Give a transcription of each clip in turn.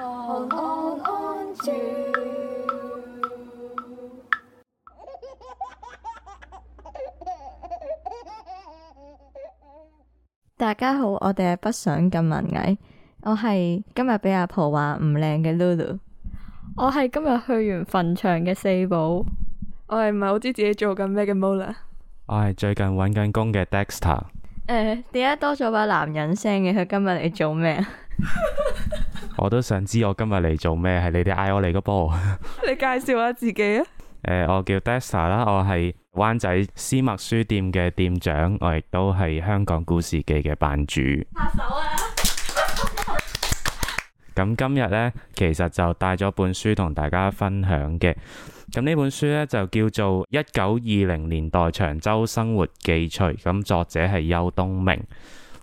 On, on, on, 大家好，我哋係不想咁文藝。我係今日俾阿婆話唔靚嘅 Lulu。我係今日去完墳場嘅四寶。我係唔係好知自己做緊咩嘅 Mola。我係最近搵緊工嘅 Dexter。誒、呃，點解多咗把男人聲嘅？佢今日嚟做咩啊？ 我都想知我今日嚟做咩，係你哋嗌我嚟個波。 你介紹下自己啊？誒、呃，我叫 Dexter 啦，我係灣仔獅墨書店嘅店長，我亦都係香港古事記嘅版主。拍咁手、啊、 今日呢，其實就帶咗本書同大家分享嘅。咁呢本書呢，就叫做《一九二零年代長洲生活記趣》，咁作者係丘東明。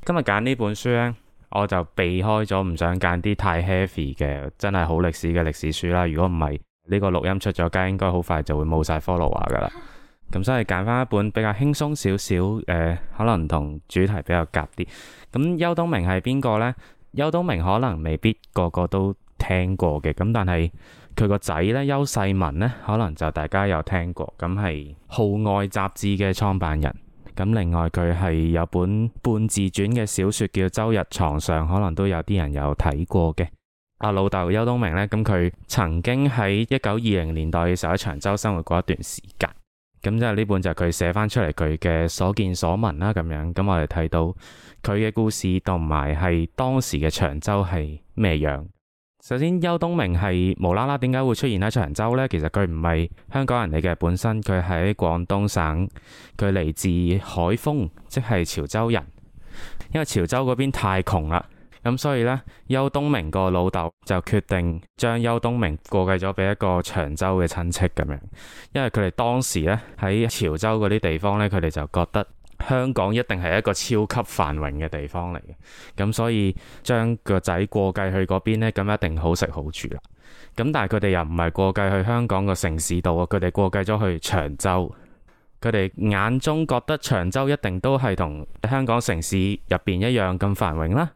今日揀呢本書呢。我就避開咗，唔想揀啲太 heavy 嘅，真係好歷史嘅歷史書啦。如果唔係呢個錄音出咗街，應該好快就會冇晒 follower 噶啦。咁所以揀翻一本比較輕鬆少少，誒、呃，可能同主題比較夾啲。咁丘東明係邊個呢？丘東明可能未必個個都聽過嘅，咁但係佢個仔咧丘世文咧，可能就大家有聽過，咁係《號外》雜誌嘅創辦人。咁另外佢係有本半自傳嘅小說叫《周日床上》，可能都有啲人有睇過嘅。阿、啊、老豆丘東明呢，咁佢曾經喺一九二零年代嘅時候喺長洲生活過一段時間，咁即係呢本就係佢寫翻出嚟佢嘅所見所聞啦，咁樣。咁我哋睇到佢嘅故事同埋係當時嘅長洲係咩樣？首先，丘東明係無啦啦，點解會出現喺長洲呢？其實佢唔係香港人嚟嘅，本身佢喺廣東省，佢嚟自海豐，即係潮州人。因為潮州嗰邊太窮啦，咁所以呢，丘東明個老豆就決定將丘東明過繼咗俾一個長洲嘅親戚咁樣，因為佢哋當時呢喺潮州嗰啲地方呢，佢哋就覺得，香港一定係一個超級繁榮嘅地方嚟嘅，咁所以將個仔過繼去嗰邊呢，咁一定好食好住啦。咁但係佢哋又唔係過繼去香港個城市度，佢哋過繼咗去長洲。佢哋眼中覺得長洲一定都係同香港城市入邊一樣咁繁榮啦。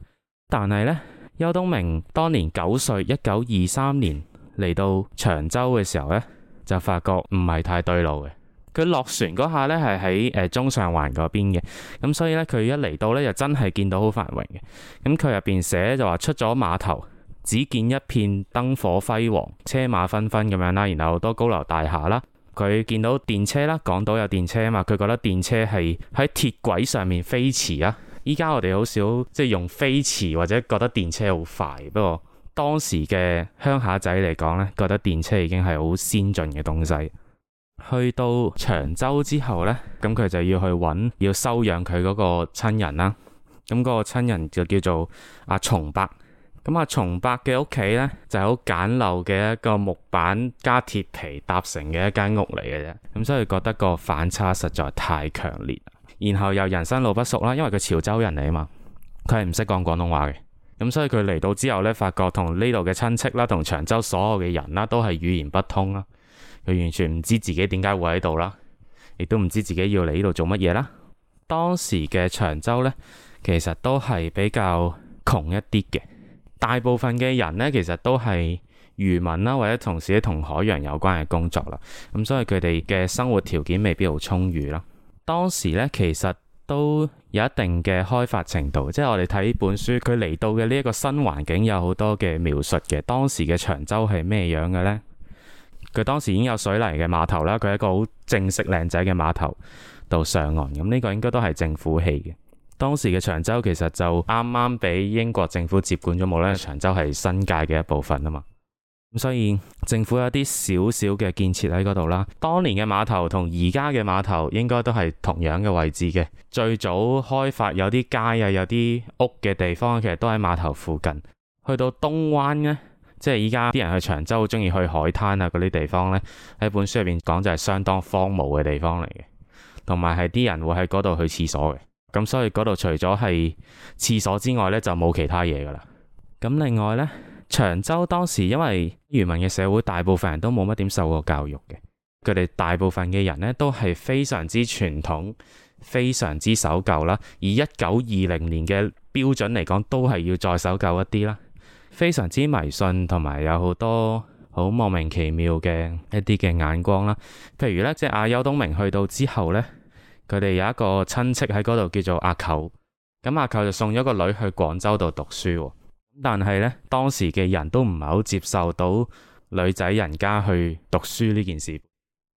但係呢，邱東明當年九歲，一九二三年嚟到長洲嘅時候呢，就發覺唔係太對路嘅。佢落船嗰下咧，係喺誒中上環嗰邊嘅，咁所以咧佢一嚟到咧，就真係見到好繁榮嘅。咁佢入邊寫就話出咗碼頭，只見一片燈火輝煌，車馬紛紛咁樣啦，然後好多高樓大廈啦。佢見到電車啦，港島有電車嘛，佢覺得電車係喺鐵軌上面飛馳啊！依家我哋好少即係用飛馳或者覺得電車好快，不過當時嘅鄉下仔嚟講咧，覺得電車已經係好先進嘅東西。去到長洲之後呢，咁佢就要去揾，要收養佢嗰個親人啦。咁嗰個親人就叫做阿松伯。咁阿松伯嘅屋企呢，就係好簡陋嘅一個木板加鐵皮搭成嘅一間屋嚟嘅啫。咁所以覺得個反差實在太強烈。然後又人生路不熟啦，因為佢潮州人嚟啊嘛，佢係唔識講廣東話嘅。咁所以佢嚟到之後呢，發覺同呢度嘅親戚啦，同長洲所有嘅人啦，都係語言不通啊。佢完全唔知自己點解會喺度啦，亦都唔知自己要嚟呢度做乜嘢啦。當時嘅長洲咧，其實都係比較窮一啲嘅，大部分嘅人咧，其實都係漁民啦，或者從事啲同海洋有關嘅工作啦。咁所以佢哋嘅生活條件未必好充裕啦。當時咧，其實都有一定嘅開發程度，即係我哋睇本書，佢嚟到嘅呢一個新環境有好多嘅描述嘅。當時嘅長洲係咩樣嘅咧？佢當時已經有水泥嘅碼頭啦，佢係一個好正式靚仔嘅碼頭到上岸，咁呢個應該都係政府起嘅。當時嘅長洲其實就啱啱俾英國政府接管咗，冇啦長洲係新界嘅一部分啊嘛，所以政府有啲少少嘅建設喺嗰度啦。當年嘅碼頭同而家嘅碼頭應該都係同樣嘅位置嘅。最早開發有啲街啊、有啲屋嘅地方，其實都喺碼頭附近。去到東灣呢。即係依家啲人去長洲，好中意去海灘啊嗰啲地方呢，喺本書入邊講，就係相當荒蕪嘅地方嚟嘅，同埋係啲人會喺嗰度去廁所嘅。咁所以嗰度除咗係廁所之外呢，就冇其他嘢㗎喇。咁另外呢，長洲當時因為漁民嘅社會，大部分人都冇乜點受過教育嘅，佢哋大部分嘅人呢，都係非常之傳統、非常之守舊啦。以一九二零年嘅標準嚟講，都係要再守舊一啲啦。非常之迷信，同埋有好多好莫名其妙嘅一啲嘅眼光啦。譬如呢，即係阿丘東明去到之後呢，佢哋有一個親戚喺嗰度叫做阿舅，咁阿舅就送咗個女去廣州度讀書，但係呢，當時嘅人都唔係好接受到女仔人家去讀書呢件事，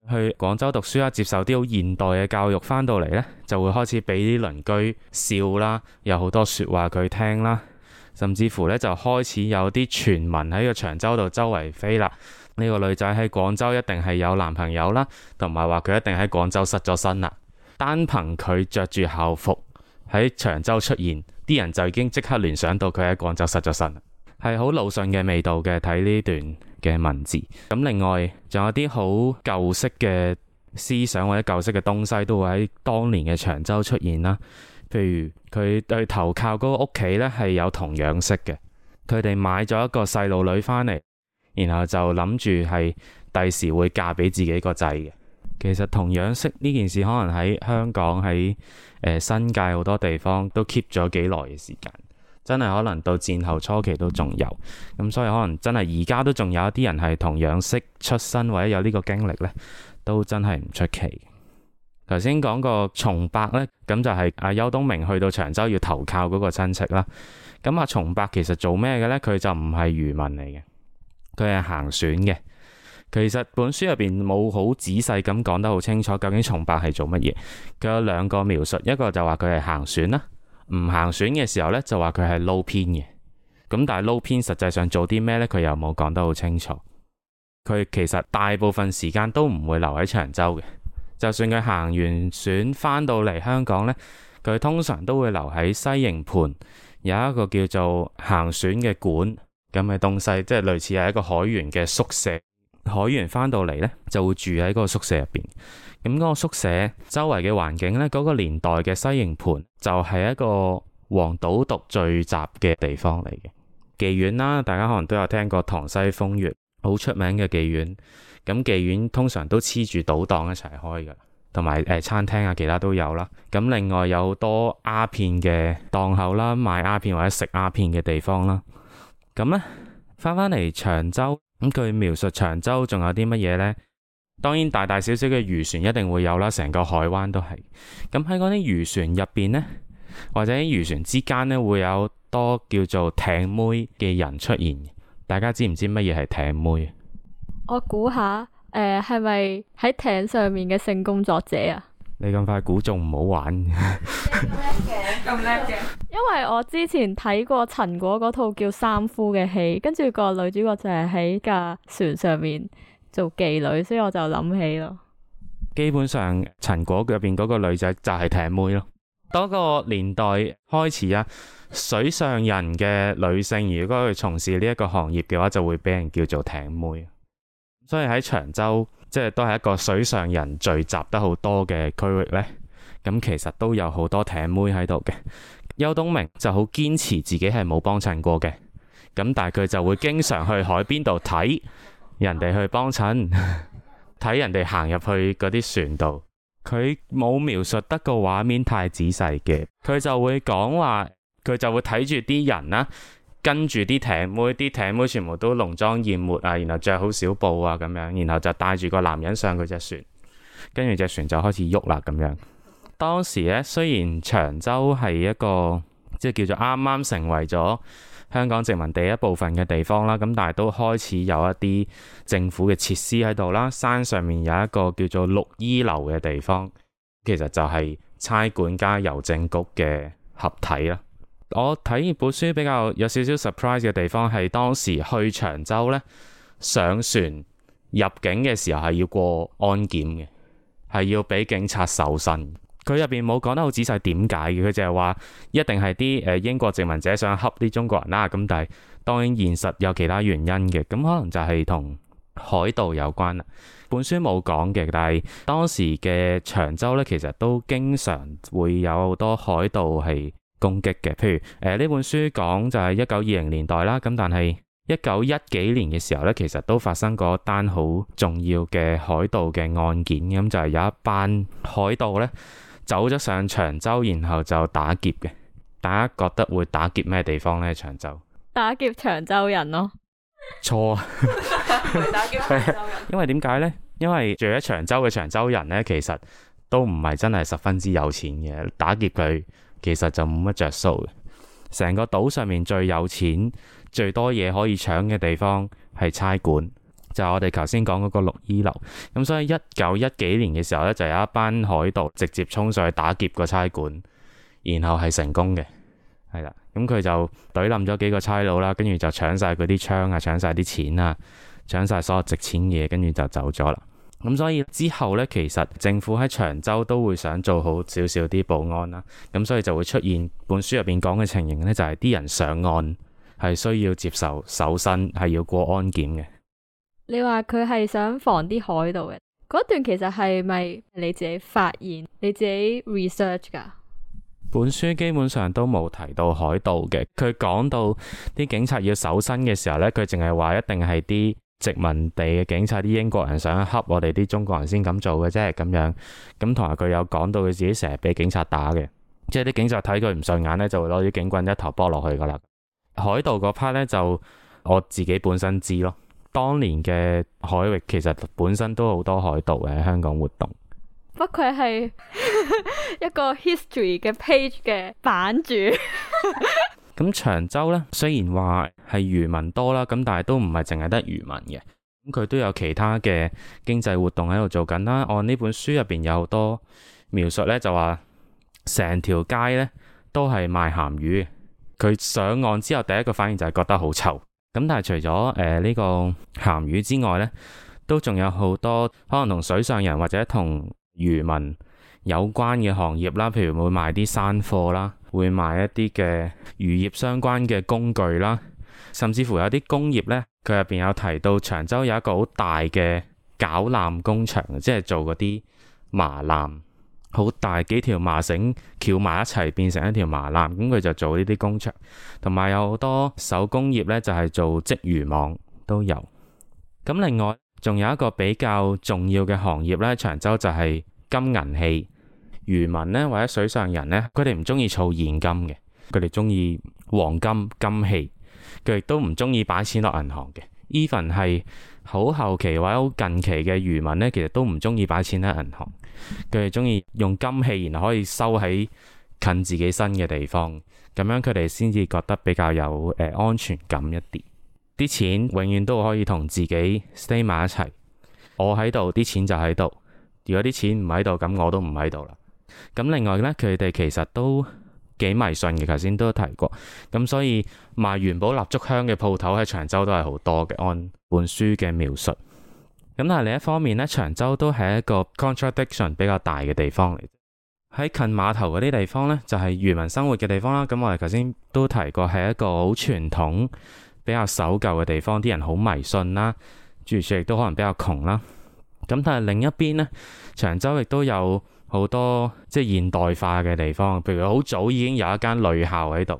去廣州讀書啊，接受啲好現代嘅教育，翻到嚟呢就會開始俾啲鄰居笑啦，有好多說話佢聽啦。甚至乎咧，就開始有啲傳聞喺個長洲度周圍飛啦。呢個女仔喺廣州一定係有男朋友啦，同埋話佢一定喺廣州失咗身啦。單憑佢着住校服喺長洲出現，啲人就已經即刻聯想到佢喺廣州失咗身啦。係好魯迅嘅味道嘅睇呢段嘅文字。咁另外仲有啲好舊式嘅思想或者舊式嘅東西都會喺當年嘅長洲出現啦。譬如佢對投靠嗰個屋企呢，係有童養媳嘅，佢哋買咗一個細路女翻嚟，然後就諗住係第時會嫁俾自己個仔嘅。其實童養媳呢件事可能喺香港喺誒、呃、新界好多地方都 keep 咗幾耐嘅時間，真係可能到戰後初期都仲有，咁所以可能真係而家都仲有一啲人係童養媳出身或者有呢個經歷呢，都真係唔出奇。頭先講過松伯呢，咁就係阿丘東明去到長洲要投靠嗰個親戚啦。咁阿松伯其實做咩嘅呢？佢就唔係漁民嚟嘅，佢係行船嘅。其實本書入邊冇好仔細咁講得好清楚，究竟松伯係做乜嘢？佢有兩個描述，一個就話佢係行船啦，唔行船嘅時候呢就話佢係撈偏嘅。咁但係撈偏實際上做啲咩呢？佢又冇講得好清楚。佢其實大部分時間都唔會留喺長洲嘅。就算佢行完船翻到嚟香港呢，佢通常都會留喺西營盤，有一個叫做行船嘅館咁嘅東西，即、就、係、是、類似係一個海員嘅宿舍。海員翻到嚟呢，就會住喺嗰個宿舍入邊。咁、那、嗰個宿舍周圍嘅環境呢，嗰、那個年代嘅西營盤就係一個黃賭毒聚集嘅地方嚟嘅。妓院啦，大家可能都有聽過塘西風月，好出名嘅妓院。咁妓院通常都黐住賭檔一齊開㗎，同埋誒餐廳啊，其他都有啦。咁另外有好多鴉片嘅檔口啦，賣鴉片或者食鴉片嘅地方啦。咁呢，翻翻嚟長洲，咁佢描述長洲仲有啲乜嘢呢？當然大大小小嘅漁船一定會有啦，成個海灣都係。咁喺嗰啲漁船入邊呢，或者漁船之間呢，會有多叫做艇妹嘅人出現。大家知唔知乜嘢係艇妹？我估下，誒、呃，係咪喺艇上面嘅性工作者啊？你咁快估中，唔好玩咁叻嘅，咁叻嘅。因為我之前睇過陳果嗰套叫《三夫》嘅戲，跟住個女主角就係喺架船上面做妓女，所以我就諗起咯。基本上，陳果入邊嗰個女仔就係艇妹咯。嗰個年代開始啊，水上人嘅女性如果去從事呢一個行業嘅話，就會俾人叫做艇妹。所以喺長洲，即係都係一個水上人聚集得好多嘅區域呢。咁其實都有好多艇妹喺度嘅。丘東明就好堅持自己係冇幫襯過嘅。咁但係佢就會經常去海邊度睇人哋去幫襯，睇 人哋行入去嗰啲船度。佢冇描述得個畫面太仔細嘅。佢就會講話，佢就會睇住啲人啦。跟住啲艇妹，啲艇妹全部都濃妝豔抹啊，然後着好少布啊咁樣，然後就帶住個男人上佢隻船，跟住隻船就開始喐啦咁樣。當時咧，雖然長洲係一個即係叫做啱啱成為咗香港殖民地一部分嘅地方啦，咁但係都開始有一啲政府嘅設施喺度啦。山上面有一個叫做綠衣樓嘅地方，其實就係差館加郵政局嘅合體啦。我睇呢本書比較有少少 surprise 嘅地方係當時去長洲咧，上船入境嘅時候係要過安檢嘅，係要俾警察搜身。佢入邊冇講得好仔細點解嘅，佢就係話一定係啲誒英國殖民者想恰啲中國人啦。咁但係當然現實有其他原因嘅，咁可能就係同海盜有關啦。本書冇講嘅，但係當時嘅長洲咧，其實都經常會有好多海盜係攻擊嘅，譬如誒呢、呃、本書講就係一九二零年代啦。咁但係一九一幾年嘅時候呢，其實都發生過單好重要嘅海盜嘅案件。咁就係有一班海盜呢，走咗上長洲，然後就打劫嘅。大家覺得會打劫咩地方呢？長洲打劫長洲人咯。哦，錯啊， 因為點解呢？因為住喺長洲嘅長洲人呢，其實都唔係真係十分之有錢嘅，打劫佢。其實就冇乜着數嘅，成個島上面最有錢、最多嘢可以搶嘅地方係差館，就係我哋頭先講嗰個綠衣樓。咁所以一九一幾年嘅時候咧，就有一班海盜直接衝上去打劫個差館，然後係成功嘅，係啦。咁佢就懟冧咗幾個差佬啦，跟住就搶晒佢啲槍啊，搶晒啲錢啊，搶晒所有值錢嘢，跟住就走咗啦。咁所以之後咧，其實政府喺長洲都會想做好少少啲保安啦。咁所以就會出現本書入邊講嘅情形咧，就係啲人上岸係需要接受搜身，係要過安檢嘅。你話佢係想防啲海盜嘅嗰段，其實係咪你自己發現、你自己 research 㗎？本書基本上都冇提到海盜嘅。佢講到啲警察要搜身嘅時候咧，佢淨係話一定係啲。殖民地嘅警察，啲英國人想恰我哋啲中國人先咁做嘅啫，咁樣咁同埋佢有講到佢自己成日俾警察打嘅，即係啲警察睇佢唔順眼咧，就會攞啲警棍一頭波落去噶啦。海盜嗰 part 咧就我自己本身知咯，當年嘅海域其實本身都好多海盜喺香港活動，不愧係一個 history 嘅 page 嘅版主。 咁長洲咧，雖然話係漁民多啦，咁但係都唔係淨係得漁民嘅，咁佢都有其他嘅經濟活動喺度做緊啦。按呢本書入邊有好多描述咧，就話成條街咧都係賣鹹魚，佢上岸之後第一個反應就係覺得好臭。咁但係除咗誒呢個鹹魚之外咧，都仲有好多可能同水上人或者同漁民有關嘅行業啦，譬如會賣啲山貨啦。會賣一啲嘅漁業相關嘅工具啦，甚至乎有啲工業呢，佢入邊有提到長洲有一個好大嘅絞纜工場，即係做嗰啲麻纜，好大幾條麻繩翹埋一齊變成一條麻纜，咁、嗯、佢就做呢啲工場。同埋有好多手工業呢，就係、是、做織漁網都有。咁另外仲有一個比較重要嘅行業呢，長洲就係金銀器。漁民咧或者水上人咧，佢哋唔中意儲現金嘅，佢哋中意黃金金器。佢亦都唔中意擺錢落銀行嘅。even 係好後期或者好近期嘅漁民咧，其實都唔中意擺錢喺銀行。佢哋中意用金器，然後可以收喺近自己身嘅地方，咁樣佢哋先至覺得比較有誒安全感一啲。啲錢永遠都可以同自己 stay 埋一齊。我喺度，啲錢就喺度。如果啲錢唔喺度，咁我都唔喺度啦。咁另外呢，佢哋其實都幾迷信嘅，頭先都提過。咁所以賣元寶蠟燭香嘅鋪頭喺長洲都係好多嘅，按本書嘅描述。咁但係另一方面呢，長洲都係一個 contradiction 比較大嘅地方嚟。喺近碼頭嗰啲地方呢，就係漁民生活嘅地方啦。咁我哋頭先都提過，係一個好傳統、比較守舊嘅地方，啲人好迷信啦，住處亦都可能比較窮啦。咁但係另一邊呢，長洲亦都有。好多即係現代化嘅地方，譬如好早已經有一間女校喺度，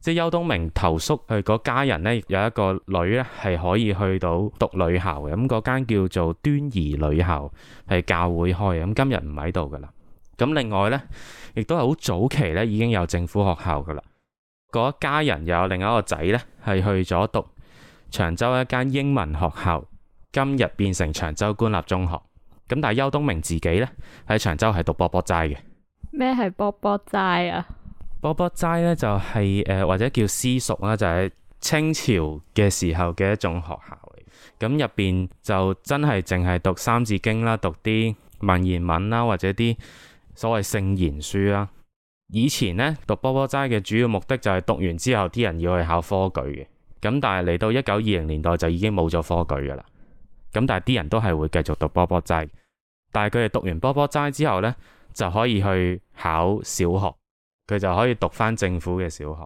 即係丘東明投宿佢嗰家人呢，有一個女呢係可以去到讀女校嘅，咁嗰間叫做端儀女校係教會開嘅，咁今日唔喺度㗎喇。咁另外呢，亦都係好早期呢已經有政府學校㗎喇，嗰家人又有另一個仔呢，係去咗讀長洲一間英文學校，今日變成長洲官立中學。咁但係丘東明自己呢，喺長洲係讀卜卜齋嘅。咩係卜卜齋啊？卜卜齋呢就係、是、誒、呃、或者叫私塾啦，就係、是、清朝嘅時候嘅一種學校嚟。咁入邊就真係淨係讀三字經啦，讀啲文言文啦，或者啲所謂聖賢書啦。以前呢，讀卜卜齋嘅主要目的就係讀完之後啲人要去考科舉嘅。咁但係嚟到一九二零年代就已經冇咗科舉㗎喇。咁但係啲人都係會繼續讀卜卜齋。但係佢哋讀完波波齋之後呢，就可以去考小學，佢就可以讀翻政府嘅小學，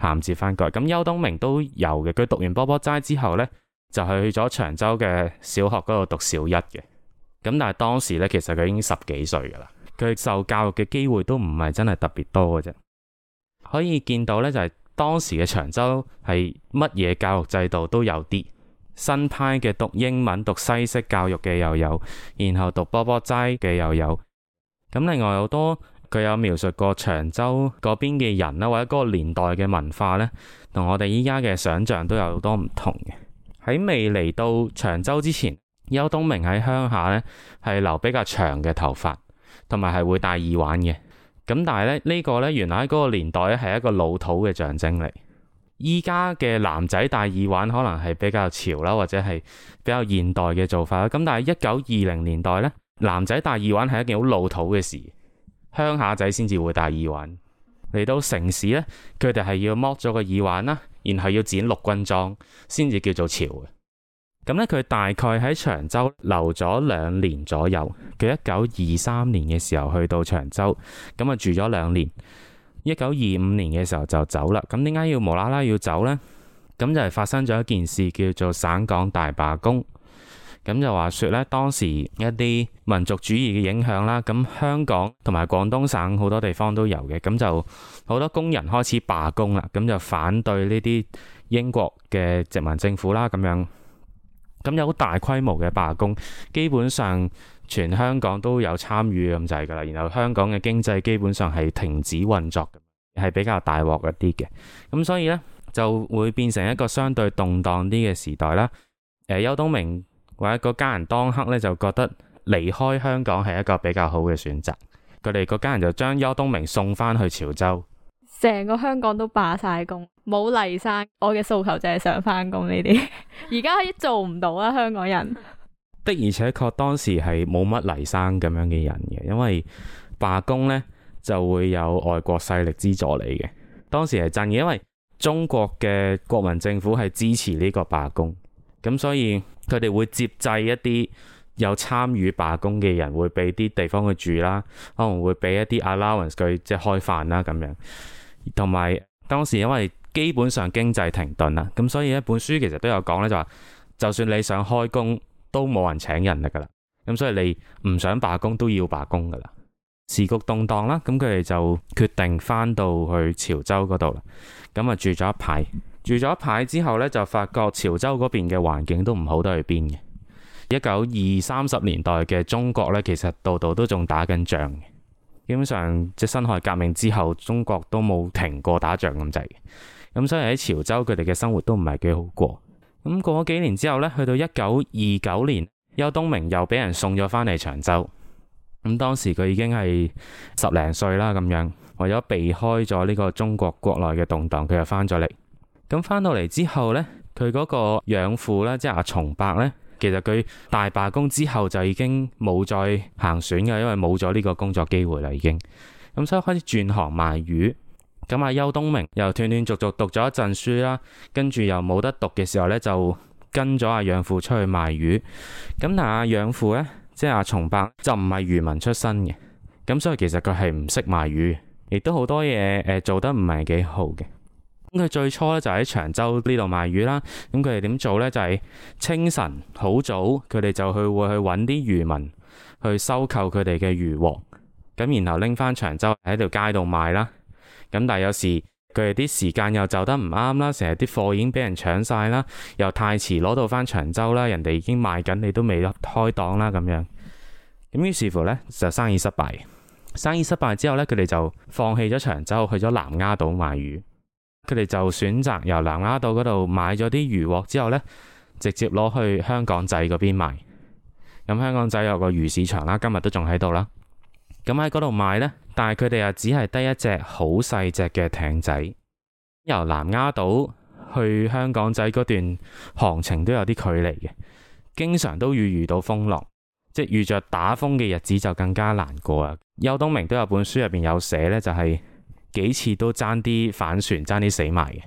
銜接翻過嚟。咁丘東明都有嘅，佢讀完波波齋之後呢，就去咗長洲嘅小學嗰度讀小一嘅。咁但係當時呢，其實佢已經十幾歲㗎喇，佢受教育嘅機會都唔係真係特別多嘅啫。可以見到呢，就係、是、當時嘅長洲係乜嘢教育制度都有啲。新派嘅讀英文、讀西式教育嘅又有，然後讀卜卜齋嘅又有。咁另外好多佢有描述過長洲嗰邊嘅人啦，或者嗰個年代嘅文化呢，同我哋依家嘅想象都有好多唔同嘅。喺未嚟到長洲之前，邱東明喺鄉下呢係留比較長嘅頭髮，同埋係會戴耳環嘅。咁但係咧呢個呢，原來喺嗰個年代咧係一個老土嘅象徵嚟。依家嘅男仔戴耳環可能係比較潮啦，或者係比較現代嘅做法啦。咁但係一九二零年代呢，男仔戴耳環係一件好老土嘅事，鄉下仔先至會戴耳環。嚟到城市呢，佢哋係要剝咗個耳環啦，然後要剪陸軍裝，先至叫做潮嘅。咁呢，佢大概喺長洲留咗兩年左右。佢一九二三年嘅時候去到長洲，咁啊住咗兩年。一九二五年嘅時候就走啦，咁點解要無啦啦要走呢？咁就係發生咗一件事叫做省港大罷工，咁就話說咧，當時一啲民族主義嘅影響啦，咁香港同埋廣東省好多地方都有嘅，咁就好多工人開始罷工啦，咁就反對呢啲英國嘅殖民政府啦，咁樣，咁有大規模嘅罷工，基本上。全香港都有參與，咁就係噶啦。然後香港嘅經濟基本上係停止運作，咁係比較大鑊一啲嘅，咁所以呢，就會變成一個相對動盪啲嘅時代啦。誒、呃，邱東明或者個家人當刻呢，就覺得離開香港係一個比較好嘅選擇，佢哋個家人就將邱東明送翻去潮州。成個香港都罷晒工，冇嚟生，我嘅訴求就係想翻工呢啲，而家可以做唔到啊！香港人。的而且確，當時係冇乜黎生咁樣嘅人嘅，因為罷工呢就會有外國勢力資助你嘅。當時係真嘅，因為中國嘅國民政府係支持呢個罷工，咁所以佢哋會接濟一啲有參與罷工嘅人，會俾啲地方佢住啦，可能會俾一啲 allowance 佢即係開飯啦咁樣。同埋當時因為基本上經濟停頓啦，咁所以一本書其實都有講咧，就話就算你想開工，都冇人請人啦噶啦，咁所以你唔想罷工都要罷工噶啦，時局動蕩啦，咁佢哋就決定翻到去潮州嗰度啦，咁啊住咗一排，住咗一排之後呢，就發覺潮州嗰邊嘅環境都唔好得去邊嘅。一九二三十年代嘅中國呢，其實度度都仲打緊仗嘅，基本上即辛亥革命之後，中國都冇停過打仗咁滯，咁所以喺潮州佢哋嘅生活都唔係幾好過。咁過咗幾年之後呢，去到一九二九年，丘東明又俾人送咗翻嚟長洲。咁當時佢已經係十零歲啦，咁樣為咗避開咗呢個中國國內嘅動盪，佢又翻咗嚟。咁翻到嚟之後呢，佢嗰個養父呢，即係阿松伯呢，其實佢大罷工之後就已經冇再行選嘅，因為冇咗呢個工作機會啦，已經。咁所以開始轉行賣魚。咁阿丘東明又斷斷續續讀咗一陣書啦，跟住又冇得讀嘅時候咧，就跟咗阿養父出去賣魚。咁但係阿養父咧，即係阿松伯就唔係漁民出身嘅，咁所以其實佢係唔識賣魚，亦都好多嘢，誒做得唔係幾好嘅。咁佢最初咧就喺長洲呢度賣魚啦。咁佢哋點做咧？就係清晨好早，佢哋就去會去揾啲漁民去收購佢哋嘅漁獲，咁然後拎翻長洲喺條街度賣啦。咁但係有時佢哋啲時間又走得唔啱啦，成日啲貨已經俾人搶晒啦，又太遲攞到翻長洲啦，人哋已經賣緊，你都未開檔啦咁樣。咁於是乎呢，就生意失敗，生意失敗之後呢，佢哋就放棄咗長洲，去咗南丫島賣魚。佢哋就選擇由南丫島嗰度買咗啲魚獲之後呢，直接攞去香港仔嗰邊賣。咁香港仔有個魚市場啦，今日都仲喺度啦。咁喺嗰度賣呢，但係佢哋又只係得一隻好細隻嘅艇仔，由南丫島去香港仔嗰段航程都有啲距離嘅，經常都要遇遇到風浪，即係遇着打風嘅日子就更加難過啊。丘東明都有本書入邊有寫呢，就係幾次都爭啲反船，爭啲死埋嘅。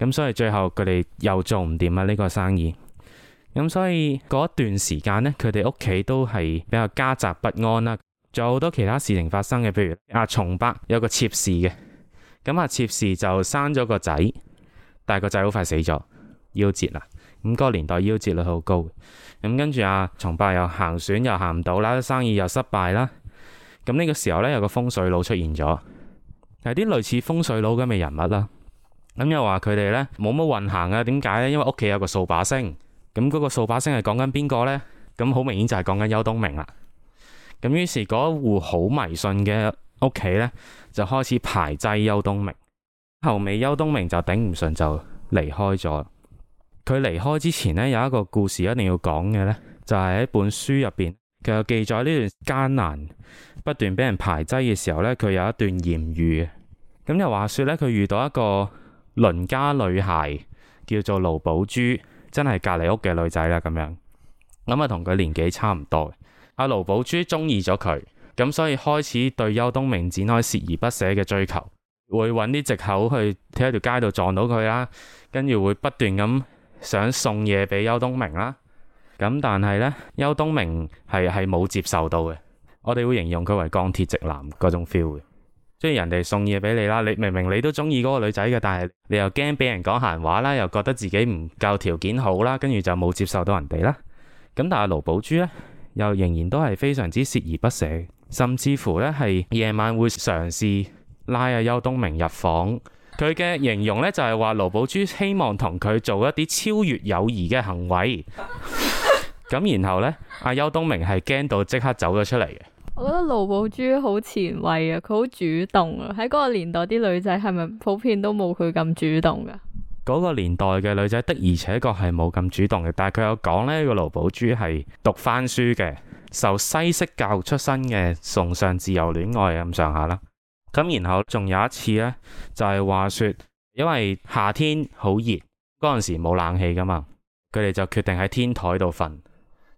咁所以最後佢哋又做唔掂啊呢個生意。咁所以嗰一段時間呢，佢哋屋企都係比較家宅不安啦。仲好多其他事情發生嘅，譬如阿松伯有個妾侍嘅，咁、嗯、阿妾侍就生咗個仔，但係個仔好快死咗，夭折啦。咁、嗯、嗰、那個年代夭折率好高。咁、嗯、跟住阿、啊、松伯又行選又行唔到啦，生意又失敗啦。咁、嗯、呢、這個時候咧有個風水佬出現咗，係啲類似風水佬咁嘅人物啦。咁、嗯、又話佢哋咧冇乜運行啊？點解咧？因為屋企有個掃把星。咁、嗯、嗰、那個掃把星係講緊邊個咧？咁好明顯就係講緊丘東明啦。咁於是嗰一戶好迷信嘅屋企呢，就開始排擠邱東明。後尾邱東明就頂唔順就離開咗。佢離開之前呢，有一個故事一定要講嘅呢，就係喺本書入邊，佢又記載呢段艱難不斷俾人排擠嘅時候呢，佢有一段艷遇。咁又話說呢，佢遇到一個鄰家女孩叫做盧寶珠，真係隔離屋嘅女仔啦，咁樣咁啊，同佢年紀差唔多。阿盧寶珠中意咗佢，咁所以開始對丘東明展開鍥而不捨嘅追求，會揾啲借口去喺條街度撞到佢啦，跟住會不斷咁想送嘢俾丘東明啦。咁但係呢，丘東明係係冇接受到嘅。我哋會形容佢為鋼鐵直男嗰種 feel 嘅，即係人哋送嘢俾你啦，你明明你都中意嗰個女仔嘅，但係你又驚俾人講閒話啦，又覺得自己唔夠條件好啦，跟住就冇接受到人哋啦。咁但係阿盧寶珠呢。又仍然都係非常之鍥而不捨，甚至乎咧係夜晚會嘗試拉阿邱東明入房。佢嘅形容咧就係話盧寶珠希望同佢做一啲超越友誼嘅行為。咁 然後咧，阿邱東明係驚到即刻走咗出嚟嘅。我覺得盧寶珠好前衛啊，佢好主動啊。喺嗰個年代，啲女仔係咪普遍都冇佢咁主動噶、啊？嗰個年代嘅女仔的而且確係冇咁主動嘅，但係佢有講呢個盧寶珠係讀翻書嘅，受西式教育出身嘅，崇尚自由戀愛咁上下啦。咁然後仲有一次呢，就係話說，因為夏天好熱，嗰陣時冇冷氣噶嘛，佢哋就決定喺天台度瞓，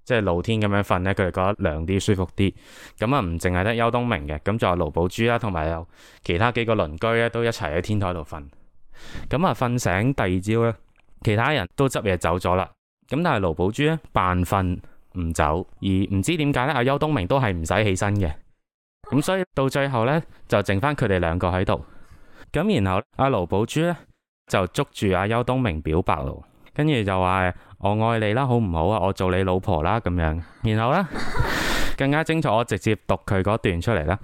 即係露天咁樣瞓呢，佢哋覺得涼啲，舒服啲。咁啊，唔淨係得丘東明嘅，咁仲有盧寶珠啦，同埋有其他幾個鄰居咧，都一齊喺天台度瞓。咁啊，瞓醒第二朝咧，其他人都執嘢走咗啦。咁但係盧寶珠咧，扮瞓唔走，而唔知點解咧，阿丘東明都係唔使起身嘅。咁所以到最後咧，就剩翻佢哋兩個喺度。咁然後阿盧寶珠咧就捉住阿丘東明表白咯，跟住就話我愛你啦，好唔好啊？我做你老婆啦咁樣。然後咧更加精彩，我直接讀佢嗰段出嚟啦。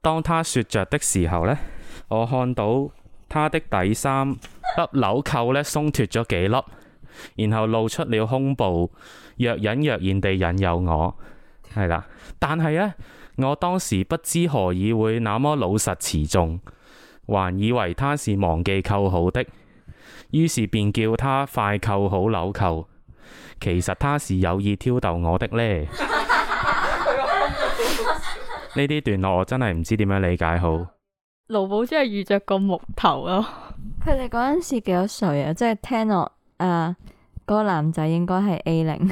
當他說着的時候咧，我看到。他的底衫粒紐扣咧鬆脫咗幾粒，然後露出了胸部，若隱若現地引誘我，係啦。但係呢，我當時不知何以會那麼老實持重，還以為他是忘記扣好的，於是便叫他快扣好紐扣。其實他是有意挑逗我的呢。呢啲 段落我真係唔知點樣理解好。盧寶真係遇着個木頭咯。佢哋嗰陣時幾多歲啊？即係聽落，誒、呃，嗰、嗰個男仔應該係 A 零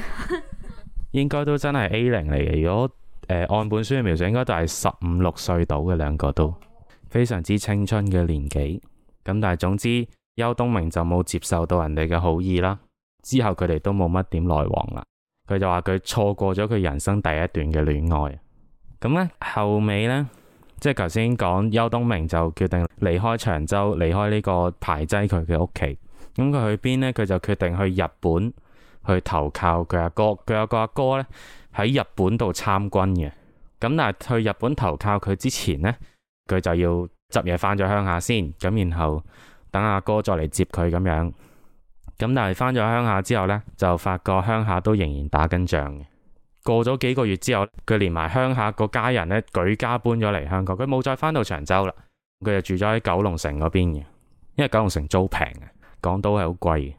，應該都真係 A 零嚟嘅。如果誒、呃、按本書嘅描述，應該都係十五六歲到嘅，兩個都非常之青春嘅年紀。咁但係總之，邱東明就冇接受到人哋嘅好意啦。之後佢哋都冇乜點來往啦。佢就話佢錯過咗佢人生第一段嘅戀愛。咁咧後尾咧。即係頭先講，邱東明就決定離開長洲，離開呢個排擠佢嘅屋企。咁、嗯、佢去邊呢？佢就決定去日本去投靠佢阿哥。佢阿哥阿哥呢，喺日本度參軍嘅。咁、嗯、但係去日本投靠佢之前呢，佢就要執嘢翻咗鄉下先。咁然後等阿哥，哥再嚟接佢咁樣。咁、嗯、但係翻咗鄉下之後呢，就發覺鄉下都仍然打緊仗嘅。過咗幾個月之後，佢連埋鄉下個家人咧，舉家搬咗嚟香港。佢冇再翻到長洲啦，佢就住咗喺九龍城嗰邊嘅，因為九龍城租平啊，港島係好貴嘅。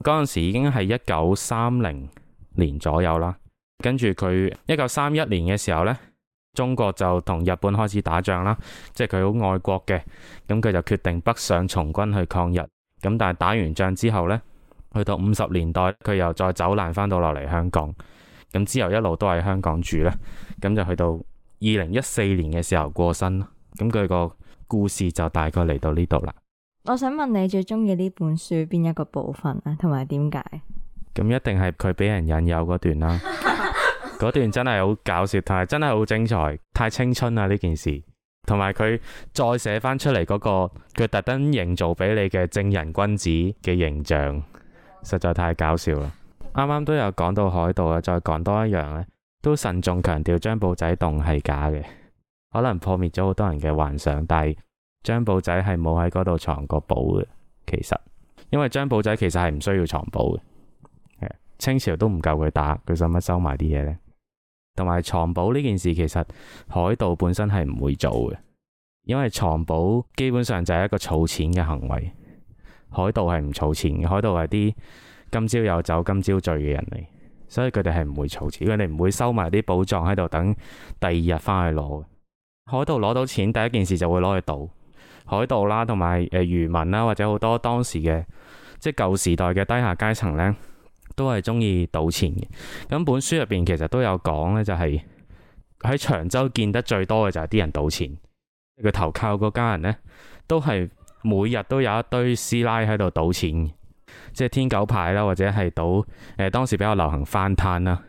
嗰陣時已經係一九三零年左右啦。跟住佢一九三一年嘅時候咧，中國就同日本開始打仗啦，即係佢好愛國嘅，咁佢就決定北上從軍去抗日。咁但係打完仗之後咧，去到五十年代，佢又再走難翻到落嚟香港。咁之後一路都喺香港住啦，咁就去到二零一四年嘅時候過身咯。咁佢個故事就大概嚟到呢度啦。我想問你最中意呢本書邊一個部分啊？同埋點解？咁一定係佢俾人引誘嗰段啦。嗰 段真係好搞笑，同埋真係好精彩，太青春啊呢件事。同埋佢再寫翻出嚟嗰、嗰個，佢特登營造俾你嘅正人君子嘅形象，實在太搞笑啦！啱啱都有講到海盜啦，再講多一樣咧，都慎重強調張寶仔洞係假嘅，可能破滅咗好多人嘅幻想。但係張寶仔係冇喺嗰度藏過寶嘅，其實因為張寶仔其實係唔需要藏寶嘅，清朝都唔夠佢打，佢使乜收埋啲嘢呢？同埋藏寶呢件事其實海盜本身係唔會做嘅，因為藏寶基本上就係一個儲錢嘅行為，海盜係唔儲錢嘅，海盜係啲。今朝有酒今朝醉嘅人嚟，所以佢哋係唔會儲錢，佢哋唔會收埋啲寶藏喺度等第二日翻去攞。海盜攞到錢，第一件事就會攞去賭。海盜啦、啊，同埋誒漁民啦、啊，或者好多當時嘅即係舊時代嘅低下階層呢，都係中意賭錢嘅。咁本書入邊其實都有講呢就係、是、喺長洲見得最多嘅就係啲人賭錢。佢投靠嗰家人呢，都係每日都有一堆師奶喺度賭錢。即係天九牌啦，或者係賭誒，當時比較流行翻攤啦。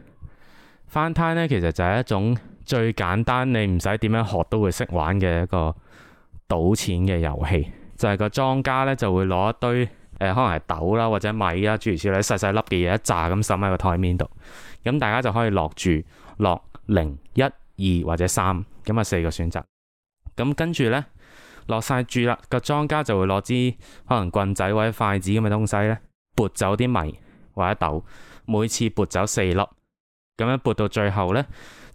翻攤咧，其實就係一種最簡單，你唔使點樣學都會識玩嘅一個賭錢嘅遊戲。就係、是、個莊家咧就會攞一堆誒、呃，可能係豆啦或者米啊，諸如此類細細粒嘅嘢一紮咁，抌喺個台面度。咁大家就可以落注「落零、一、二或者三，咁啊四個選擇。咁跟住咧落晒注啦，個莊家就會攞支可能棍仔或者筷子咁嘅東西咧。撥走啲米或者豆，每次撥走四粒，咁樣撥到最後呢，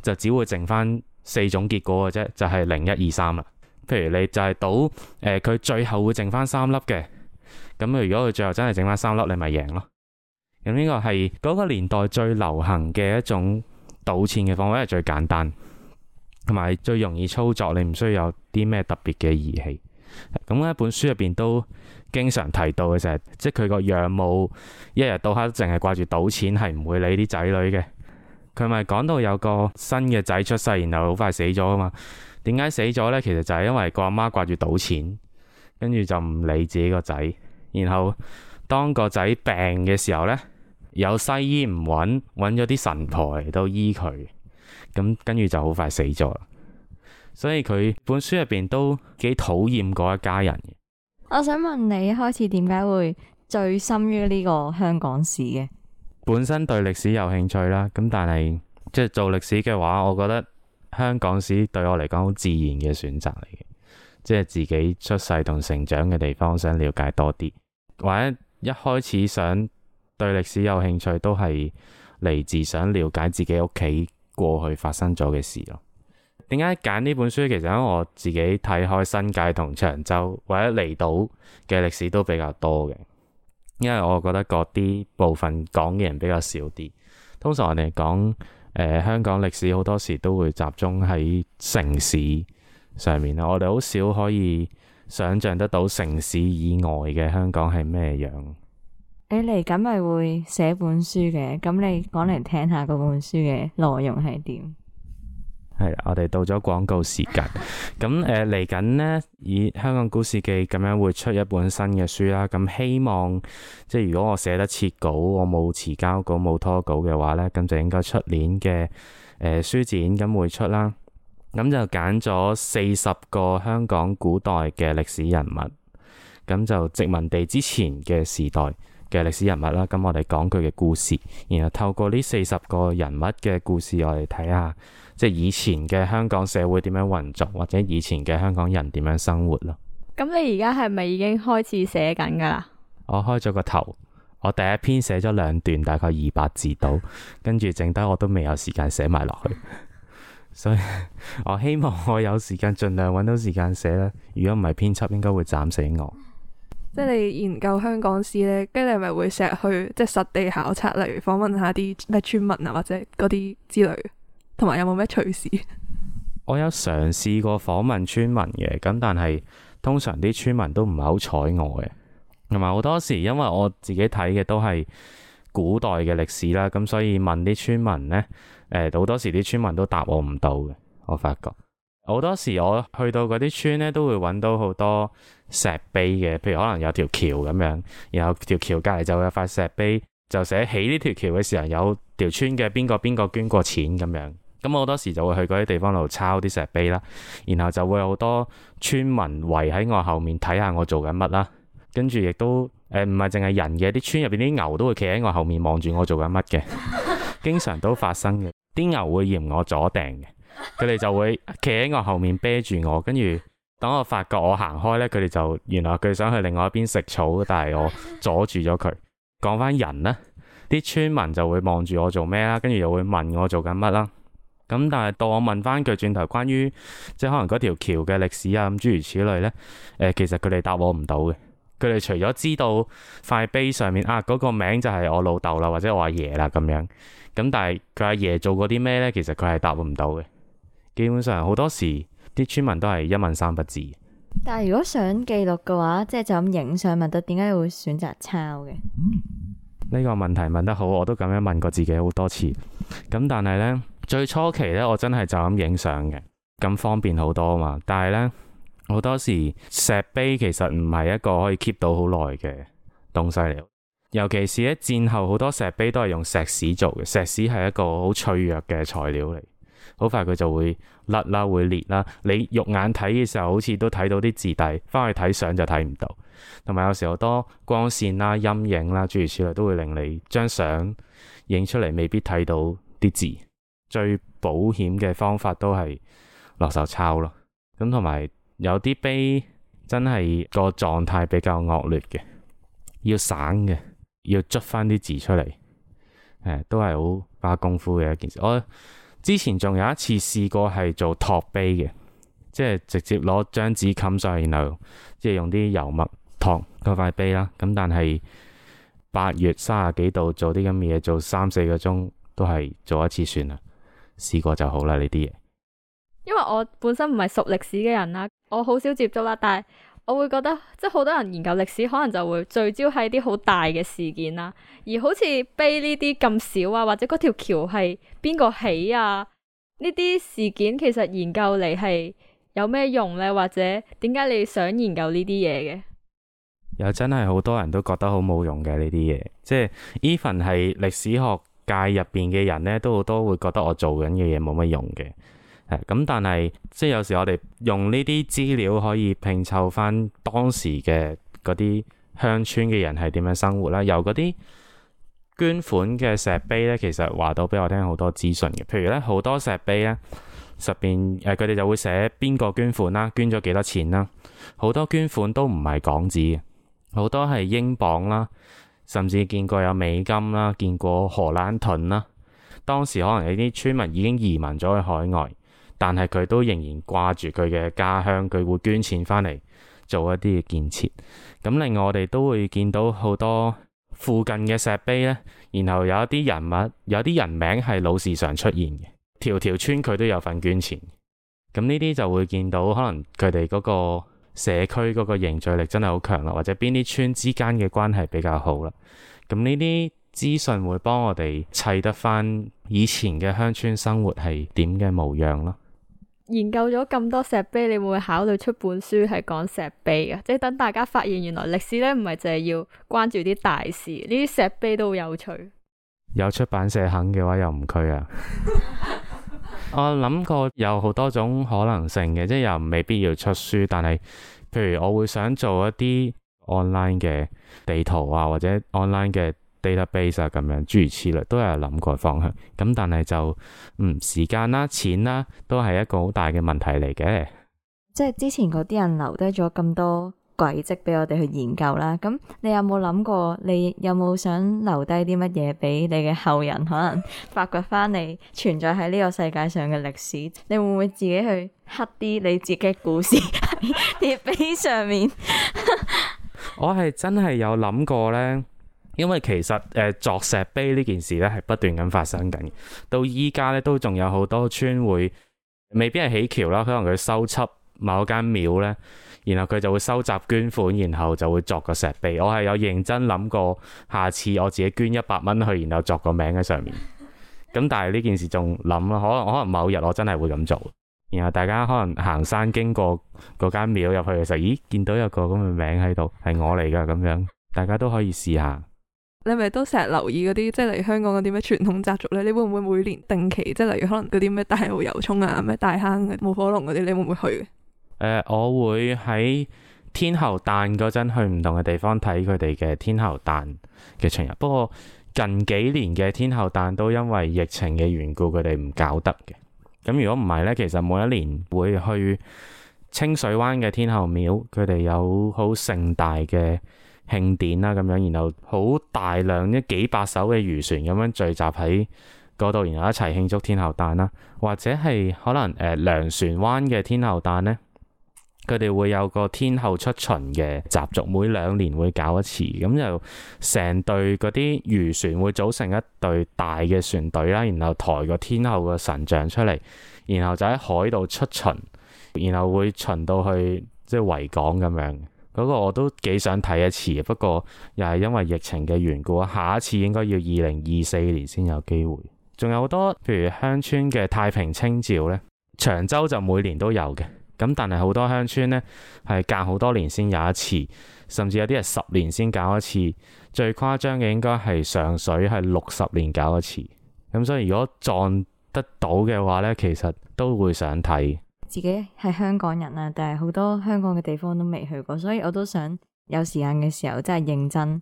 就只會剩翻四種結果嘅啫，就係零一二三啦。譬如你就係賭誒，佢、呃、最後會剩翻三粒嘅，咁如果佢最後真係剩翻三粒，你咪贏咯。咁呢個係嗰個年代最流行嘅一種賭錢嘅方法，係最簡單，同埋最容易操作，你唔需要有啲咩特別嘅儀器。咁喺、嗯、本書入邊都經常提到嘅就係，即係佢個養母一日到黑淨係掛住賭錢，係唔會理啲仔女嘅。佢咪講到有個新嘅仔出世，然後好快死咗啊嘛？點解死咗呢？其實就係因為個阿媽掛住賭錢，跟住就唔理自己個仔。然後當個仔病嘅時候呢，有西醫唔揾，揾咗啲神婆嚟到醫佢，咁跟住就好快死咗。所以佢本書入邊都幾討厭嗰一家人嘅。我想問你，一開始點解會醉心於呢個香港史嘅？本身對歷史有興趣啦，咁但係即係做歷史嘅話，我覺得香港史對我嚟講好自然嘅選擇嚟嘅，即係自己出世同成長嘅地方，想了解多啲，或者一開始想對歷史有興趣，都係嚟自想了解自己屋企過去發生咗嘅事咯。點解揀呢本書？其實我自己睇開新界同長洲或者離島嘅歷史都比較多嘅，因為我覺得嗰啲部分講嘅人比較少啲。通常我哋講誒香港歷史好多時都會集中喺城市上面啦，我哋好少可以想像得到城市以外嘅香港係咩樣。哎，你嚟緊咪會寫本書嘅？咁你講嚟聽下嗰本書嘅內容係點？係啦，我哋到咗廣告時間。咁誒、嚟、呃、緊呢，以香港古事記咁樣會出一本新嘅書啦。咁、啊、希望即係如果我寫得切稿，我冇遲交稿，冇拖稿嘅話呢，咁就應該出年嘅誒、呃、書展咁會出啦。咁、啊、就揀咗四十個香港古代嘅歷史人物，咁就殖民地之前嘅時代嘅歷史人物啦。咁、啊、我哋講佢嘅故事，然後透過呢四十個人物嘅故事，我哋睇下。即係以前嘅香港社會點樣運作，或者以前嘅香港人點樣生活咯？咁你而家係咪已經開始寫緊噶啦？我開咗個頭，我第一篇寫咗兩段，大概二百字到，跟住剩低我都未有時間寫埋落去，所以 我希望我有時間盡量搵到時間寫咧。如果唔係編輯，應該會斬死我。即係你研究香港史呢，跟住係咪會成日去即係實地考察，例如訪問下啲咩村民啊，或者嗰啲之類？同埋有冇咩趣事？我有嘗試過訪問村民嘅，咁但係通常啲村民都唔係好睬我嘅。同埋好多時，因為我自己睇嘅都係古代嘅歷史啦，咁所以問啲村民呢，誒好多時啲村民都答我唔到嘅。我發覺好多時我去到嗰啲村呢，都會揾到好多石碑嘅，譬如可能有條橋咁樣，然後條橋隔籬就會有塊石碑，就寫起呢條橋嘅時候有條村嘅邊個邊個捐過錢咁樣。咁、嗯、我好多時就會去嗰啲地方度抄啲石碑啦，然後就會好多村民圍喺我後面睇下我做緊乜啦。跟住亦都誒，唔係淨係人嘅，啲村入邊啲牛都會企喺我後面望住我做緊乜嘅，經常都發生嘅。啲牛會嫌我阻掟嘅，佢哋就會企喺我後面啤住我，跟住等我發覺我行開咧，佢哋就原來佢想去另外一邊食草，但係我阻住咗佢。講翻人咧，啲村民就會望住我做咩啦，跟住又會問我做緊乜啦。咁，但係到我問翻佢轉頭，關於即係可能嗰條橋嘅歷史啊，咁諸如此類呢，誒，其實佢哋答我唔到嘅。佢哋除咗知道塊碑上面啊嗰個名就係我老豆啦，或者我阿爺啦咁樣。咁但係佢阿爺做過啲咩呢？其實佢係答唔到嘅。基本上好多時啲村民都係一問三不知。但係如果想記錄嘅話，即係就咁影相問到點解會選擇抄嘅呢、嗯，呢個問題問得好，我都咁樣問過自己好多次。咁但係呢。最初期咧，我真係就咁影相嘅，咁方便好多嘛。但係咧，好多時石碑其實唔係一個可以 keep 到好耐嘅東西嚟，尤其是咧戰後好多石碑都係用石屎做嘅。石屎係一個好脆弱嘅材料嚟，好快佢就會甩啦，會裂啦。你肉眼睇嘅時候好似都睇到啲字，底，係翻去睇相就睇唔到。同埋有時好多光線啦、啊、陰影啦、啊，諸如此類都會令你張相影出嚟，未必睇到啲字。最保險嘅方法都係落手抄咯。咁同埋有啲碑真係個狀態比較惡劣嘅，要省嘅要捽翻啲字出嚟，都係好花功夫嘅一件事。我之前仲有一次試過係做拓碑嘅，即係直接攞張紙冚上，然後即係用啲油墨拓嗰塊碑啦。咁但係八月三十幾度做啲咁嘅嘢，做三四個鐘都係做一次算啦。試過就好啦，呢啲嘢。因為我本身唔係熟歷史嘅人啦，我好少接觸啦。但係我會覺得，即係好多人研究歷史，可能就會聚焦喺啲好大嘅事件啦。而好似碑呢啲咁少啊，或者嗰條橋係邊個起啊？呢啲事件其實研究嚟係有咩用咧？或者點解你想研究呢啲嘢嘅？又真係好多人都覺得好冇用嘅呢啲嘢，即係 even 係歷史學界入邊嘅人咧，都好多會覺得我做緊嘅嘢冇乜用嘅，誒、嗯、咁，但係即係有時我哋用呢啲資料可以拼湊翻當時嘅嗰啲鄉村嘅人係點樣生活啦。由嗰啲捐款嘅石碑咧，其實話到俾我聽好多資訊嘅。譬如咧，好多石碑咧，入邊誒佢哋就會寫邊個捐款啦，捐咗幾多錢啦。好多捐款都唔係港紙嘅，好多係英鎊啦。甚至見過有美金啦，見過荷蘭盾啦。當時可能呢啲村民已經移民咗去海外，但係佢都仍然掛住佢嘅家鄉，佢會捐錢翻嚟做一啲嘅建設。咁另外我哋都會見到好多附近嘅石碑呢。然後有一啲人物，有啲人名係老時常出現嘅。條條村佢都有份捐錢，咁呢啲就會見到可能佢哋嗰個。社區嗰個凝聚力真係好強啦，或者邊啲村之間嘅關係比較好啦，咁呢啲資訊會幫我哋砌得翻以前嘅鄉村生活係點嘅模樣咯。研究咗咁多石碑，你會考慮出本書係講石碑啊？即係等大家發現原來歷史呢唔係淨係要關注啲大事，呢啲石碑都好有趣。有出版社肯嘅話，又唔拘啊。 我諗過有好多種可能性嘅，即係又未必要出書，但係譬如我會想做一啲 online 嘅地圖啊，或者 online 嘅 database 啊咁樣，諸如此類都係有諗過方向。咁但係就嗯時間啦、啊、錢啦、啊、都係一個好大嘅問題嚟嘅。即係之前嗰啲人留低咗咁多。軌跡俾我哋去研究啦。咁你有冇諗過？你有冇想留低啲乜嘢俾你嘅後人？可能發掘翻你存在喺呢個世界上嘅歷史？你會唔會自己去刻啲你自己故事喺石碑上面？ 我係真係有諗過呢，因為其實誒作、呃、石碑呢件事咧，係不斷咁發生緊。到依家咧都仲有好多村會，未必係起橋啦，可能佢修葺某間廟呢。然後佢就會收集捐款，然後就會作個石碑。我係有認真諗過，下次我自己捐一百蚊去，然後作個名喺上面。咁但係呢件事仲諗咯，可能可能某日我真係會咁做。然後大家可能行山經過嗰間廟入去嘅時候，咦，見到有個咁嘅名喺度，係我嚟㗎咁樣，大家都可以試下。你咪都成日留意嗰啲即係嚟香港嘅啲咩傳統習俗咧？你會唔會每年定期即係、就是、例如可能嗰啲咩大澳遊涌啊、咩大坑冇火龍嗰啲，你會唔會去？誒、呃，我會喺天后誕嗰陣去唔同嘅地方睇佢哋嘅天后誕嘅巡遊。不過近幾年嘅天后誕都因為疫情嘅緣故，佢哋唔搞得嘅。咁如果唔係呢，其實每一年會去清水灣嘅天后廟，佢哋有好盛大嘅慶典啦，啊，咁樣然後好大量一幾百艘嘅漁船咁樣聚集喺嗰度，然後一齊慶祝天后誕啦，或者係可能誒、呃，糧船灣嘅天后誕呢。佢哋會有個天后出巡嘅習俗，每兩年會搞一次，咁就成隊嗰啲漁船會組成一隊大嘅船隊啦，然後抬個天后嘅神像出嚟，然後就喺海度出巡，然後會巡到去即係維港咁樣。嗰、那個我都幾想睇一次，不過又係因為疫情嘅緣故。下一次應該要二零二四年先有機會。仲有好多，譬如鄉村嘅太平清醮呢，長洲就每年都有嘅。咁但係好多鄉村呢，係隔好多年先有一次，甚至有啲係十年先搞一次。最誇張嘅應該係上水係六十年搞一次。咁所以如果撞得到嘅話呢，其實都會想睇。自己係香港人啊，但係好多香港嘅地方都未去過，所以我都想有時間嘅時候真係認真，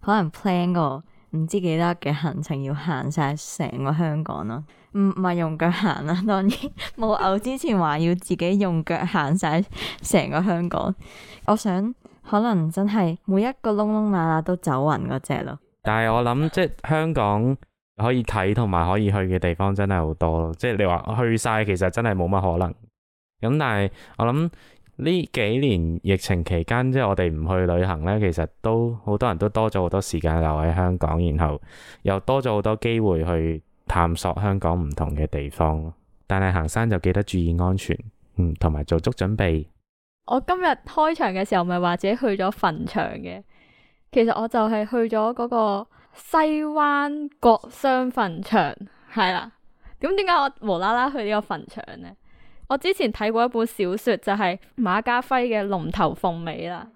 可能 plan 過。唔知幾多嘅行程要行晒成個香港咯，唔，唔係用腳行啦，當然冇嘔之前話要自己用腳行晒成個香港，我想可能真係每一個窿窿罅罅都走勻嗰隻咯。但係我諗，即係香港可以睇同埋可以去嘅地方真係好多咯，即係你話去晒其實真係冇乜可能。咁但係我諗。呢幾年疫情期間，即係我哋唔去旅行咧，其實都好多人都多咗好多時間留喺香港，然後又多咗好多機會去探索香港唔同嘅地方。但係行山就記得注意安全，嗯，同埋做足準備。我今日開場嘅時候咪話自己去咗墳場嘅，其實我就係去咗嗰個西灣國殤墳場，係啦。咁點解我無啦啦去呢個墳場咧？我之前睇過一本小說，就係、是、馬家輝嘅《龍頭鳳尾》啦。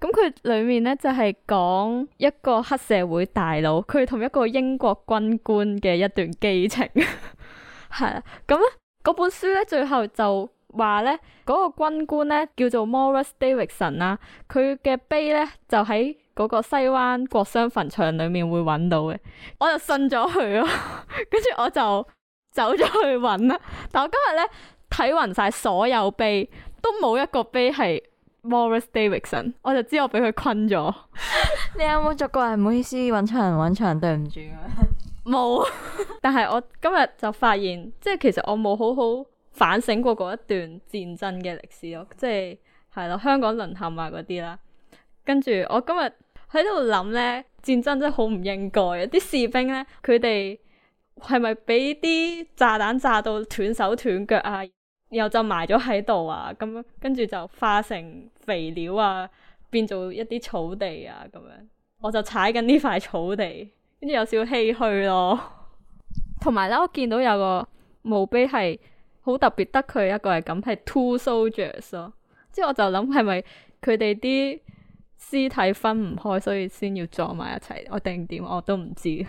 咁佢 裏面呢，就係、是、講一個黑社會大佬，佢同一個英國軍官嘅一段基情，係 啦。咁嗰本書呢，最後就話呢，嗰、那個軍官呢，叫做 Morris Davidson 啦，佢嘅碑呢，就喺嗰個西灣國殤墳場裏面會揾到嘅。我就信咗佢咯，跟 住我就走咗去揾啦。但我今日呢，睇勻晒所有碑，都冇一個碑係 Maurice Davidson，我就知我俾佢困咗。 你有冇做過？唔好意思，搵錯人，搵錯人，對唔住。冇 沒有。 但係我今日就發現，即係其實我冇好好反省過嗰一段戰爭嘅歷史咯。即係係啦，香港淪陷啊嗰啲啦。跟住我今日喺度諗呢，戰爭真係好唔應該啊！啲士兵呢，佢哋係咪俾啲炸彈炸到斷手斷腳啊？然後就埋咗喺度啊，咁跟住就化成肥料啊，變做一啲草地啊，咁樣我就踩緊呢塊草地，跟住有少少唏噓咯。同埋咧，我見到有個墓碑係好特別，得佢一個係咁，係 two soldiers 咯。即係我就諗係咪佢哋啲屍體分唔開，所以先要撞埋一齊？我定點我都唔知。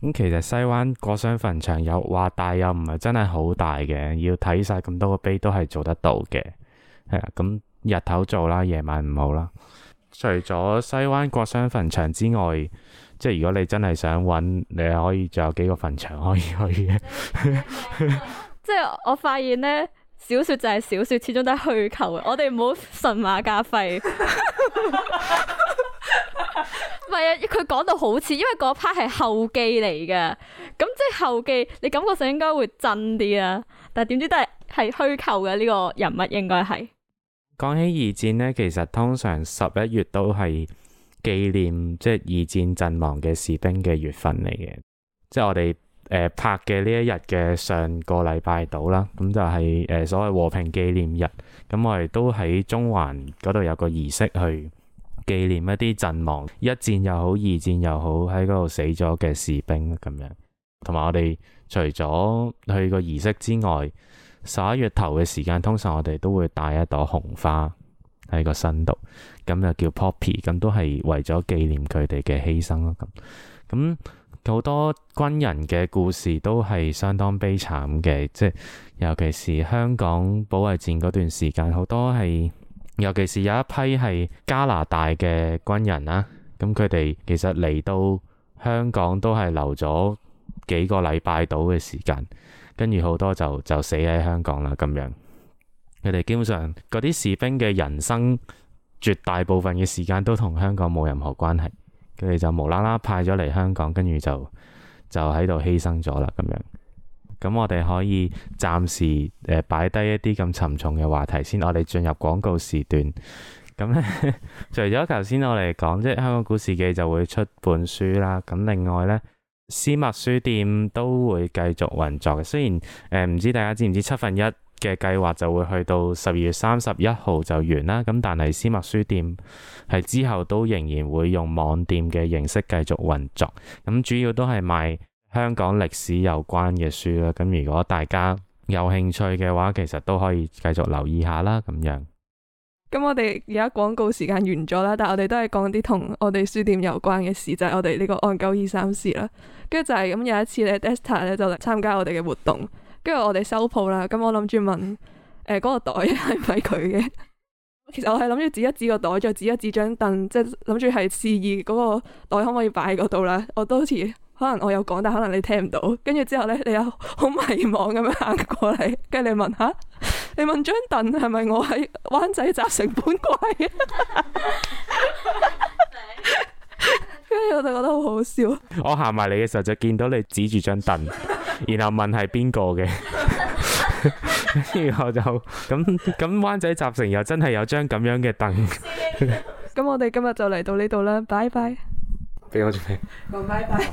咁其實西灣國商墳場有話大又唔係真係好大嘅，要睇晒咁多個碑都係做得到嘅，係啊。咁日頭做啦，夜晚唔好啦。除咗西灣國商墳場之外，即係如果你真係想揾，你可以仲有幾個墳場可以去嘅。 即係我發現呢小說就係小說，始終都係虛構。我哋唔好神馬加費。 唔係啊，佢講到好似，因為嗰 part 係後記嚟嘅。咁即係後記，你感覺上應該會震啲啦。但係點知都係係虛構嘅呢個人物應該，應該係。講起二戰呢，其實通常十一月都係紀念即係二戰陣亡嘅士兵嘅月份嚟嘅，即係我哋誒、呃、拍嘅呢一日嘅上個禮拜到啦，咁就係、是、誒、呃、所謂和平紀念日，咁我哋都喺中環嗰度有個儀式去。紀念一啲陣亡，一戰又好，二戰又好，喺嗰度死咗嘅士兵咁樣，同埋我哋除咗去個儀式之外，十一月頭嘅時間，通常我哋都會帶一朵紅花喺個身度，咁就叫 poppy，咁都係為咗紀念佢哋嘅犧牲咯。咁咁好多軍人嘅故事都係相當悲慘嘅，即係尤其是香港保衛戰嗰段時間，好多係。尤其是有一批係加拿大嘅軍人啦，咁佢哋其實嚟到香港都係留咗幾個禮拜到嘅時間，跟住好多就就死喺香港啦。咁樣佢哋基本上嗰啲士兵嘅人生絕大部分嘅時間都同香港冇任何關係，佢哋就無啦啦派咗嚟香港，跟住就就喺度犧牲咗啦，咁樣。咁我哋可以暫時誒擺低一啲咁沉重嘅話題先，我哋進入廣告時段。咁咧， 除咗頭先我哋講即係香港古事記就會出本書啦，咁另外咧，獅墨書店都會繼續運作嘅。雖然誒唔、呃、知大家知唔知七分一嘅計劃就會去到十二月三十一號就完啦，咁但係獅墨書店係之後都仍然會用網店嘅形式繼續運作，咁主要都係賣香港歷史有關嘅書啦，咁如果大家有興趣嘅話，其實都可以繼續留意下啦。咁樣，咁我哋而家廣告時間完咗啦，但係我哋都係講啲同我哋書店有關嘅事，就係、是、我哋呢個岸久二三事啦。跟住就係咁，有一次咧，Dexter 咧就嚟參加我哋嘅活動，跟住我哋收鋪啦。咁我諗住問，誒、呃，嗰、那個袋係咪佢嘅？ 其實我係諗住指一指個袋，再指一指張凳，即係諗住係示意嗰個袋可唔可以擺喺嗰度啦。我都好似。可能我有講，但可能你聽唔到。跟住之後呢，你又好迷茫咁樣行過嚟，跟住你問下、啊，你問張凳係咪我喺灣仔集成本貴？跟 住 我就覺得好好笑。我行埋嚟嘅時候就見到你指住張凳，然後問係邊個嘅， 然後我就咁，咁灣仔集成又真係有張咁樣嘅凳。咁 我哋今日就嚟到呢度啦，拜拜。俾我張皮。拜拜。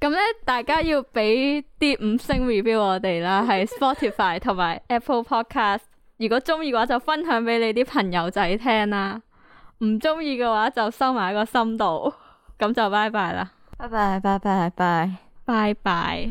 咁咧，大家要俾啲五星 review 我哋啦，係 Spotify 同埋 Apple Podcast。如果中意嘅話，就分享俾你啲朋友仔聽啦；唔中意嘅話，就收埋喺個心度。咁就拜拜啦，拜拜拜拜拜拜拜。